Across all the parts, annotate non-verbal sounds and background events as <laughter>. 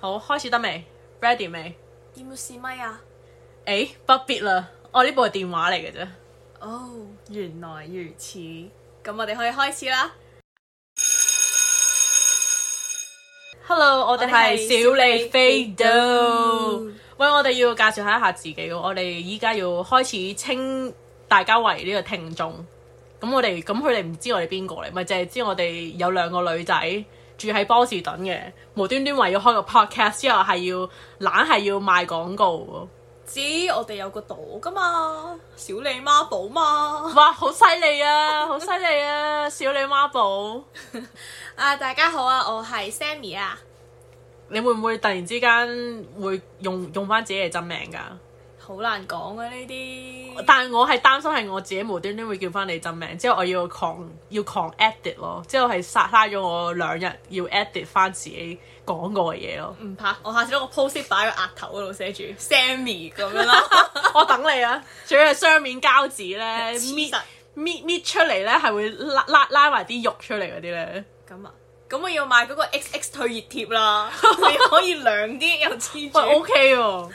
好，開始得未？ready 未？要唔要試咪啊？誒、欸，不必啦，我呢部係電話嚟嘅啫。哦，oh，原來如此，咁我哋可以開始啦。Hello，我哋係小李非都。喂，我哋要介紹下一下自己喎。我哋依家要開始稱大家為呢個聽眾。咁、嗯、我哋咁佢哋唔知我哋邊個嚟，咪淨係知我哋有兩個女仔住喺波士頓嘅，無端端話要開個 podcast 之後係要懶係要賣廣告喎。知我哋有個朵㗎嘛，小李孖寶嘛，哇，好犀利啊，好犀利啊，小李孖寶 <laughs> 啊！大家好啊，我係 Sammy 啊。你會唔會突然之間會用用返自己嘅真名㗎？好難講啊！呢啲，但係我係擔心係我自己無端端會叫翻你真名。之後我要狂，要狂 edit 咯，之後係嘥嘥咗我兩日要 edit 翻自己講過嘅嘢咯。唔怕，我下次攞個 post 擺喺額頭嗰度寫住 Sammy 咁樣啦，我等你啊！仲要係雙面膠紙咧，搣搣搣出嚟咧係會拉拉拉埋啲肉出嚟嗰啲咧。咁啊，咁我要買嗰個 XX 退熱貼啦，你可以涼啲又黐住。喂 OK 喎。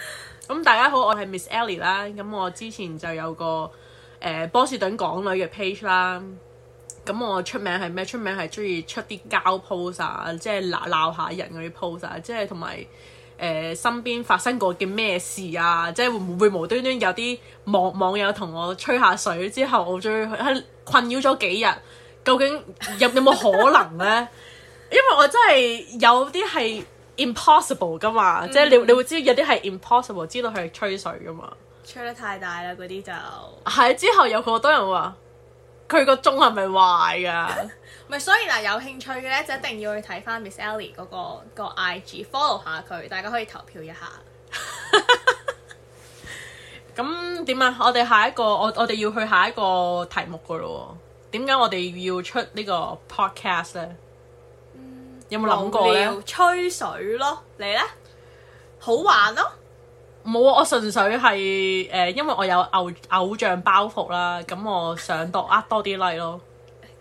咁、嗯、大家好，我係 Miss Ellie 啦。咁、啊嗯、我之前就有個誒、呃、波士頓港女嘅 page 啦、啊。咁、嗯、我出名係咩？出名係中意出啲膠 pose 啊，即係鬧鬧下人嗰啲 pose 啊。即係同埋誒身邊發生過嘅咩事啊？即、啊、係、就是、會唔會，會無端端有啲網網友同我吹下水之後，我意最困擾咗幾日，究竟有有冇可能咧？因為我真係有啲係，impossible 噶嘛，嗯、即係你你會知道有啲係 impossible，知道佢係吹水噶嘛，吹得太大啦，嗰啲就係、啊、之後有好多人話佢個鐘係咪壞噶？咪 <laughs> 所以嗱，有興趣嘅咧就一定要去睇翻 Miss Ellie 嗰、嗰個、嗰個 IG，follow 下佢，大家可以投票一下。咁點 <laughs> 啊？我哋下一個，我我哋要去下一個題目噶咯？點解我哋要出呢個 podcast 咧？有冇諗過吹水咯，你呢？好玩咯！冇啊，我純粹係誒、呃，因為我有偶偶像包袱啦，咁、嗯、我想多呃多啲 like 咯。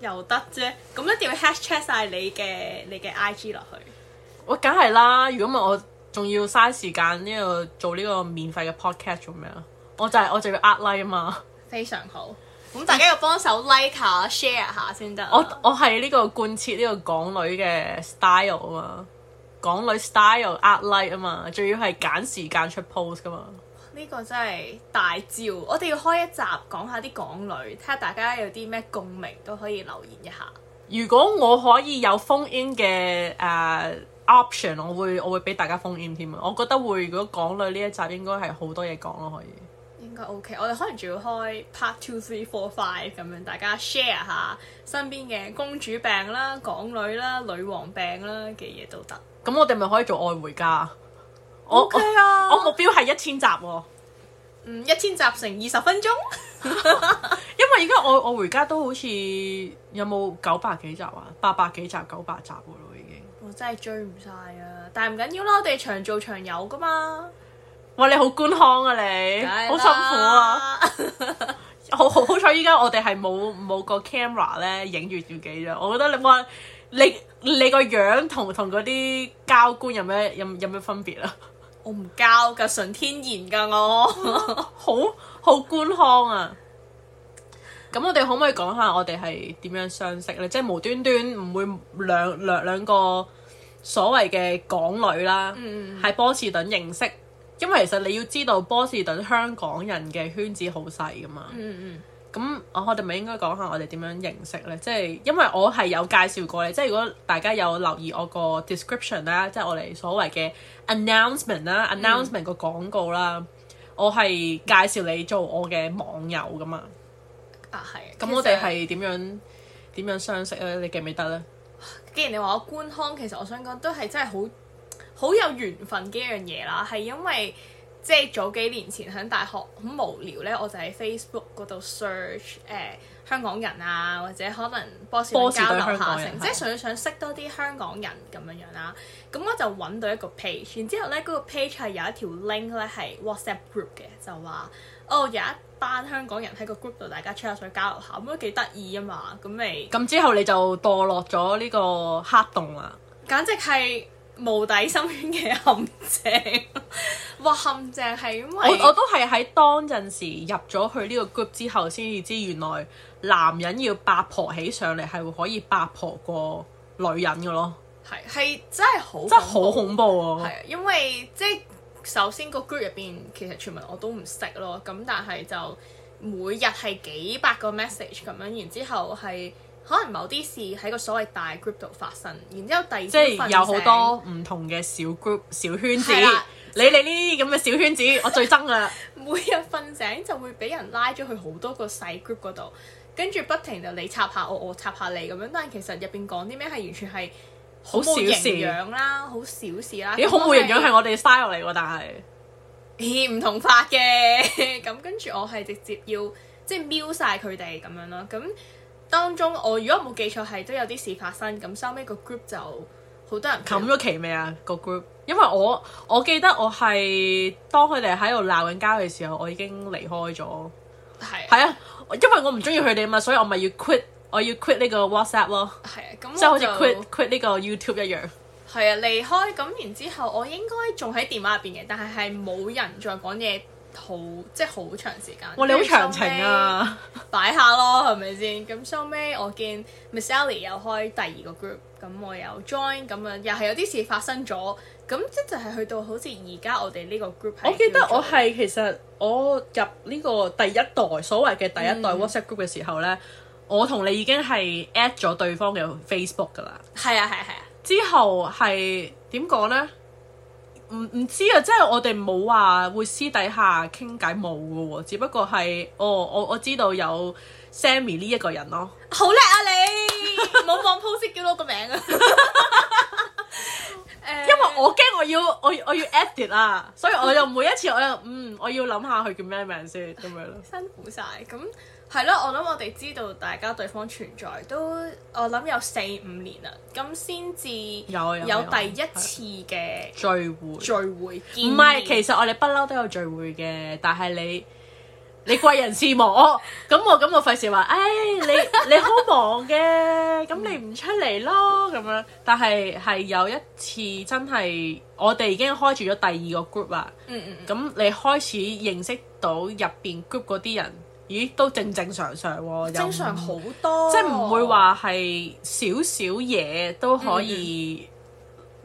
又得啫，咁咧一定要 hashtag 晒你嘅你嘅 IG 落去？我梗係啦，如果唔係我仲要嘥時間呢、這、度、個、做呢個免費嘅 podcast 咁咩我就係、是、我就要呃 like 啊嘛，非常好。咁、嗯、大家要幫手 like 下、share 下先得、啊。我我係呢個貫徹呢個港女嘅 style 啊嘛，港女 style at light 啊嘛，仲要係揀時間出 post 噶嘛。呢個真係大招！我哋要開一集講下啲港女，睇下大家有啲咩共鳴都可以留言一下。如果我可以有 phone in 嘅誒、uh, option，我會我會俾大家 phone in 添啊！我覺得會，如果港女呢一集應該係好多嘢講咯，可以。OK，我哋可能仲要開 Part Two、Three、Four、Five 咁樣，大家 share 下身邊嘅公主病啦、港女啦、女王病啦嘅嘢都得。咁我哋咪可以做愛回家？OK 啊我！我目標係一千集、啊，嗯，一千集成二十分鐘。 <laughs> <laughs> 因為而家我我回家都好似有冇九百幾集啊，八百幾集、九百集嘅咯已經。我真係追唔晒啊！但係唔緊要啦，我哋長做長有噶嘛。哇！你好官腔啊，你好辛苦啊， <laughs> 好好好彩依家我哋係冇冇個 camera 咧影住自己啫。我覺得你冇，你你個樣同同嗰啲膠官有咩有有咩分別啊？我唔膠㗎，純天然㗎我， <laughs> <laughs> 好好官腔啊！咁 <laughs> 我哋可唔可以講下我哋係點樣相識咧？即係無端端唔會兩兩兩個所謂嘅港女啦，喺，嗯，波士頓認識。因為其實你要知道波士頓香港人嘅圈子好細噶嘛，咁、嗯嗯、我我哋咪應該講下我哋點樣認識呢？即係因為我係有介紹過你，即係如果大家有留意我個 description 啦，即係我哋所謂嘅 announcement 啦、嗯、announcement 個廣告啦，我係介紹你做我嘅網友噶嘛。啊，係。咁我哋係點樣點樣相識咧？你記唔記得呢？既然你話我官腔，其實我想講都係真係好。好有緣分嘅一樣嘢啦，係因為即係早幾年前喺大學好無聊咧，我就喺 Facebook 嗰度 search 誒、呃、香港人啊，或者可能波士頓交流下，即係想想識多啲香港人咁樣樣啦。咁我就揾到一個 page，然之後咧嗰、那個 page 係有一條 link 咧係 WhatsApp group 嘅，就話哦有一班香港人喺個 group 度大家吹下水交流下，咁都幾得意啊嘛。咁咪咁之後你就墮落咗呢個黑洞啦，簡直係～無底深淵嘅陷阱， <laughs> 哇！陷阱係因為我我都係喺當陣時入咗去呢個 group 之後，先至知原來男人要八婆起上嚟係可以八婆過女人嘅咯，係係真係好真係好恐怖啊！係啊，啊，因為即係首先個 group 入邊其實全部我都唔識咯，咁但係就每日係幾百個 message 咁樣然，然之後係。可能某啲事喺個所謂大 group 度發生，然之後第二即係有好多唔同嘅小 group、小圈子。的你哋呢啲咁嘅小圈子，我最憎啦！ <laughs> 每日瞓醒就會俾人拉咗去好多個細 group 嗰度，跟住不停就你插下我，我插下你咁樣。但係其實入邊講啲咩係完全係好冇營養啦，好小事啦。啲好冇營養係是 <laughs> 我哋 style 嚟喎，但係咦唔同法嘅。咁跟住我係直接要即係瞄晒佢哋咁樣咯，咁。當中我如果冇記錯係都有啲事發生，咁收尾個 group 就好多人冚咗旗未啊個 group。因為我我記得我係當佢哋喺度鬧緊交嘅時候，我已經離開咗。係係啊,啊，因為我唔中意佢哋吖嘛，所以我咪要 quit 我要 quit 呢個 WhatsApp 咯。係啊，咁即係好似 qu 就 quit quit 呢個 YouTube 一樣。係啊，離開咁然後之後，我應該仲喺電話入邊嘅，但係係冇人再講嘢。好即係好長時間。哇！你好長情啊，後 <laughs> 擺下咯，係咪先？咁收尾我見 Miss Ellie 又開第二個 group，咁我又 join 咁樣，又係有啲事發生咗。咁即就係去到好似而家我哋呢個 group。我記得我係其實我入呢個第一代所謂嘅第一代 WhatsApp group 嘅時候呢，嗯、我同你已經係 at 咗對方嘅 Facebook 噶啦。係啊係啊係啊！啊啊之後係點講呢？唔唔知啊，即係我哋冇話會私底下傾偈冇噶喎，只不過係哦，我我知道有 Sammy 呢一個人咯。好叻啊你！冇放 <laughs> post 叫到個名啊！ <laughs> <laughs> 因為我驚我要我我要 edit 啊，所以我就每一次我又嗯，我要諗下佢叫咩名先咁、就是、樣咯。辛苦晒咁。係咯，我諗我哋知道大家對方存在都，我諗有四五年啦，咁先至有有第一次嘅聚會聚會。唔係，其實我哋不嬲都有聚會嘅，但係你你貴人事忙，咁我咁我費事話，誒，你你好忙嘅，咁你唔出嚟咯，咁樣。但係係有一次真係，我哋已經開住咗第二個 group 啦。嗯嗯，咁你開始認識到入邊 group 嗰啲人。咦，都正正常常喎。哦，正常好多。哦，即係唔會話係少少嘢都可以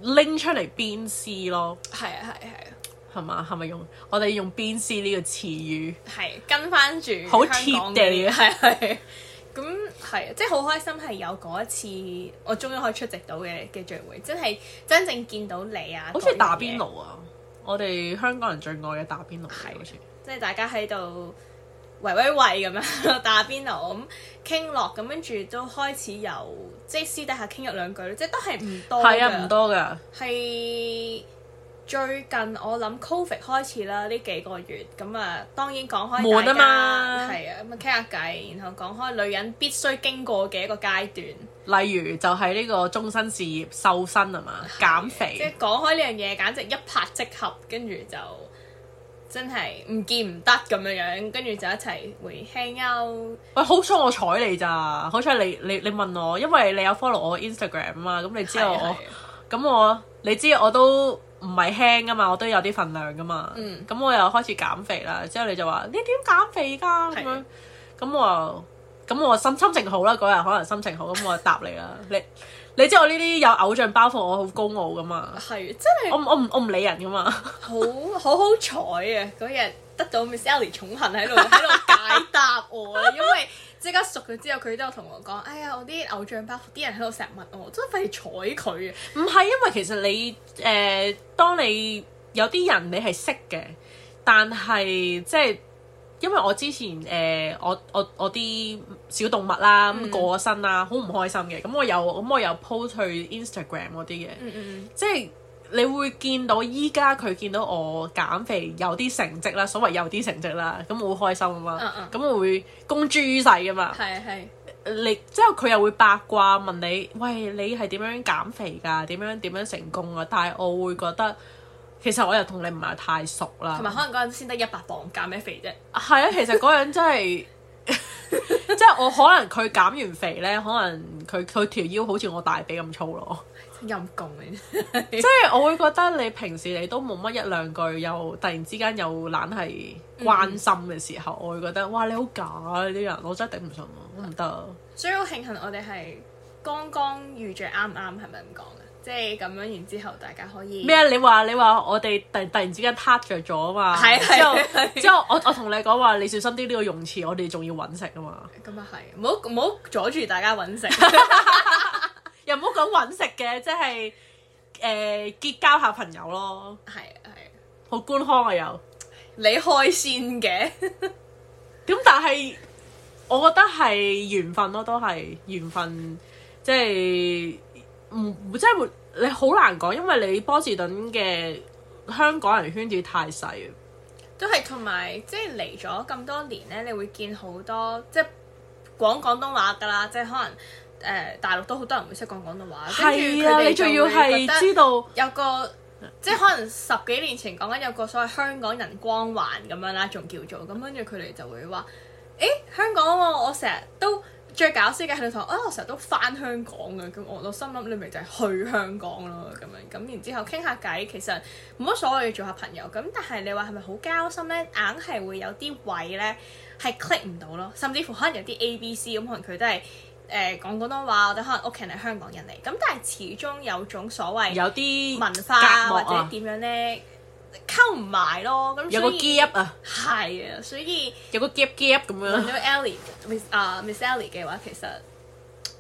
拎出嚟鞭屍咯。係啊、嗯嗯，係啊，係啊，係嘛？係咪用我哋用鞭屍呢個詞語？係跟翻住好貼地啊，係，咁 <laughs> 係，即係好開心，係有嗰一次我終於可以出席到嘅嘅聚會，真係真正見到你啊！好似打邊爐啊，我哋香港人最愛嘅打邊爐，啊，係好似即係大家喺度。維維維咁樣打邊爐咁傾落咁，跟住都開始有即係私底下傾一兩句即係，都係唔多噶。係啊，唔多噶。係最近我諗 Covid 開始啦，呢幾個月咁啊，嗯，當然講開大家，係啊，咁啊傾下偈，然後講開女人必須經過嘅一個階段，例如就係呢個終身事業瘦身啊嘛，減肥。即係講開呢樣嘢，簡直一拍即合，跟住就。真係唔見唔得咁樣樣，跟住就一齊回輕優。喂，好彩我睬你咋？好彩你你你，你問我，因為你有 follow 我 Instagram 啊嘛，咁你知道我，咁是我你知我都唔係輕啊嘛，我都有啲份量噶嘛。嗯。咁我又開始減肥啦，之後你就話你點減肥㗎？咁是我咁我心心情好啦，嗰日可能心情好，咁我就答你啦， <laughs> 你。你知我呢啲有偶像包袱，我好高傲㗎嘛？係真係我我唔我唔理人㗎嘛。好好好彩啊！嗰日得到 Miss Ellie 寵幸喺度喺度解答我， <laughs> 因為即刻熟咗之後，佢都有同我講：哎呀，我啲偶像包袱，啲人喺度成日問我，真係費事睬佢。唔係因為其實你誒、呃，當你有啲人你係識嘅，但係即係。因為我之前誒、呃、我我我啲小動物啦、啊，咁過咗身啦、啊，好唔、嗯、開心嘅。咁、嗯、我有咁、嗯、我有 post 去 Instagram 嗰啲嘅，嗯嗯即係你會見到依家佢見到我減肥有啲成績啦，所謂有啲成績啦，咁我好開心啊嘛。咁我、嗯嗯、會公諸於世啊嘛。係係、嗯嗯，你之後佢又會八卦問你，喂你係點樣減肥㗎？點樣點樣成功啊？但係我會覺得。其實我又同你唔係太熟啦，同埋可能嗰陣先得一百磅減咩肥啫。係 <laughs> 啊，其實嗰陣真係，即 <laughs> 係我可能佢減完肥咧，可能佢佢條腰好似我大髀咁粗咯。陰公你，即 <laughs> 係 <laughs> 我會覺得你平時你都冇乜一兩句，又突然之間又懶係關心嘅時候，嗯、我會覺得哇你好假啊，呢啲人，我真係頂唔順啊，我唔得、嗯。所以好慶幸我哋係剛剛遇着啱啱，係咪咁講？即係咁樣，然之後大家可以咩啊？你話你話我哋突突然之間撻着咗啊嘛，之後之後我 <laughs> 我同你講話，你小心啲呢個用詞，我哋仲要揾食啊嘛。咁啊係，唔好唔好阻住大家揾食， <laughs> <laughs> 又唔好講揾食嘅，即係誒、呃、結交下朋友咯。係係是、啊，好官腔啊又，你開先嘅點？ <laughs> 但係我覺得係緣分咯，都係緣分，即係。唔，即係會你好難講，因為你波士頓嘅香港人圈子太細，都係同埋即係嚟咗咁多年咧，你會見好多即係講廣東話噶啦，即係可能誒、呃、大陸都好多人會識講廣東話。係啊，你仲要係知道有個即係可能十幾年前講緊有個所謂香港人光環咁樣啦，仲叫做咁跟住佢哋就會話：，誒、欸、香港啊，我成日都。最搞笑嘅係你同我，我成日都返香港嘅，咁我我心諗你咪就係去香港咯，咁樣咁然之後傾下偈，其實冇乜所謂做下朋友，咁但係你話係咪好交心呢？硬係會有啲位呢，係 click 唔到咯，甚至乎可能有啲 A B C，咁可能佢都係誒講廣東話，或者可能屋企人係香港人嚟，咁但係始終有種所謂有啲文化、啊、或者點樣呢？溝唔埋咯，咁所以係啊，所以有個夾夾咁樣。問咗 Ellie Miss 啊、uh, Miss Ellie 嘅話其實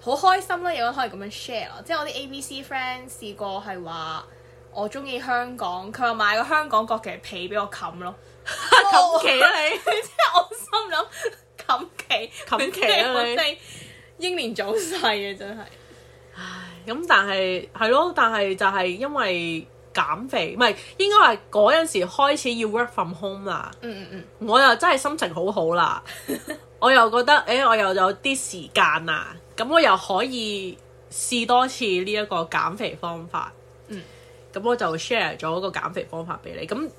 好開心啦，有得可以咁樣 share。即係我啲 ABC friend 試過係話我中意香港，佢話買個香港國旗被俾我冚咯，冚旗 <laughs> 啊你！即係 <laughs> 我心諗冚旗冚旗啊你！英年早逝啊真係。唉，咁但係係咯，但係就係因為。減肥唔係應該係嗰陣時開始要 work from home 啦。嗯嗯嗯，我又真係心情好好啦， <laughs> 我又覺得，誒、欸，我又有啲時間啊，咁我又可以試多次呢一個減肥方法。嗯，咁我就 share 咗個減肥方法俾你。咁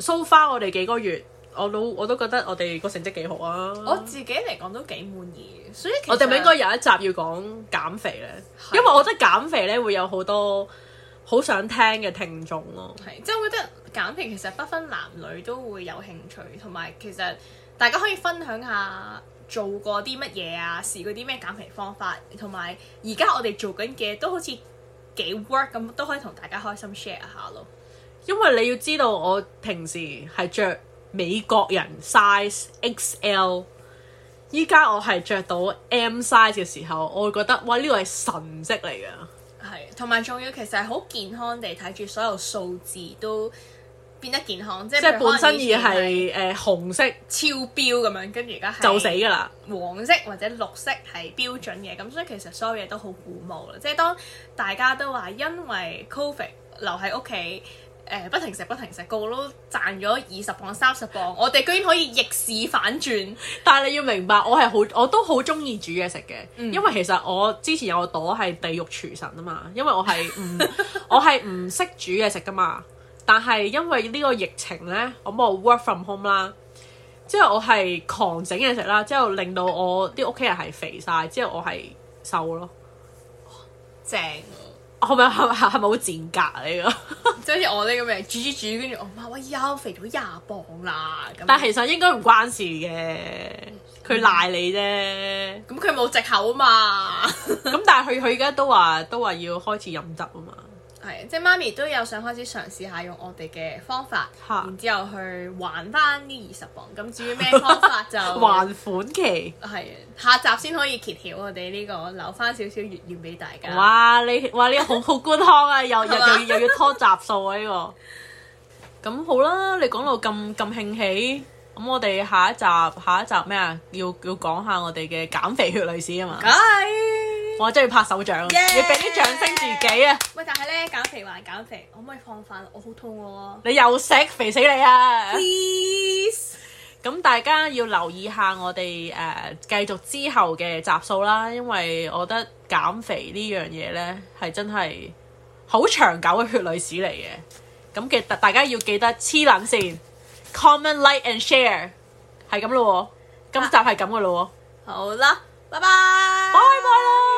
so far 我哋幾個月，我都我都覺得我哋個成績幾好啊。我自己嚟講都幾滿意，所以我哋咪應該有一集要講減肥咧，的因為我覺得減肥咧會有好多。好想聽嘅聽眾咯，係，即係我覺得減肥其實不分男女都會有興趣，同埋其實大家可以分享下做過啲乜嘢啊，試過啲咩減肥方法，同埋而家我哋做緊嘅都好似幾 work 咁，都可以同大家開心 share 下咯。因為你要知道，我平時係着美國人 size XL，依家我係着到 M size 嘅時候，我會覺得哇，呢個係神跡嚟㗎。係，同埋仲要其實係好健康地睇住所有數字都變得健康，即係是如本身已係誒紅色超標咁樣，跟住而家就死㗎啦。黃色或者綠色係標準嘅。咁、嗯、所以其實所有嘢都好鼓舞啦。即係當大家都話因為 Covid 留喺屋企。誒、欸、不停食不停食，個個都賺咗二十磅三十磅，我哋居然可以逆市反轉。但係你要明白，我係好我都好中意煮嘢食嘅，嗯、因為其實我之前有個朵係地獄廚神啊嘛，因為我係唔 <laughs> 我係唔識煮嘢食噶嘛。但係因為呢個疫情呢，咁我 work from home 啦，之後我係狂整嘢食啦，之後令到我啲屋企人係肥晒，之後我係瘦咯，正。係咪，係係咪好賤格嚟即， <laughs> 就好似我呢咁嘅，煮煮煮，跟住我媽話：呀，肥到廿磅啦！咁。但係其實應該唔關事嘅，佢、嗯、賴你啫。咁佢冇藉口啊嘛。咁 <laughs> 但係佢佢而家都話都話要開始飲汁啊嘛。係，即係媽咪都有想開始嘗試下用我哋嘅方法，然之後去還翻呢二十磅。咁至於咩方法就還款期，係下集先可以揭曉我哋呢個，留翻少少預言俾大家。哇，你哇你好好官腔啊，又又又要拖集數啊呢個。咁好啦，你講到咁咁興起，咁我哋下一集下一集咩啊？要要講下我哋嘅減肥血歷史啊嘛。我真要拍手掌，Yeah! 要俾啲掌聲自己啊！喂，但係咧，減肥還減肥，可唔可以放飯？我好肚餓喎！你又食，肥死你啊！咁 Please! 大家要留意下我哋誒、呃、繼續之後嘅集數啦，因為我覺得減肥呢樣嘢咧係真係好長久嘅血淚史嚟嘅。咁嘅大大家要記得黐撚線 <music> ，comment like and share 係咁咯喎，今集係咁嘅咯喎。好啦，拜拜，拜拜。Bye.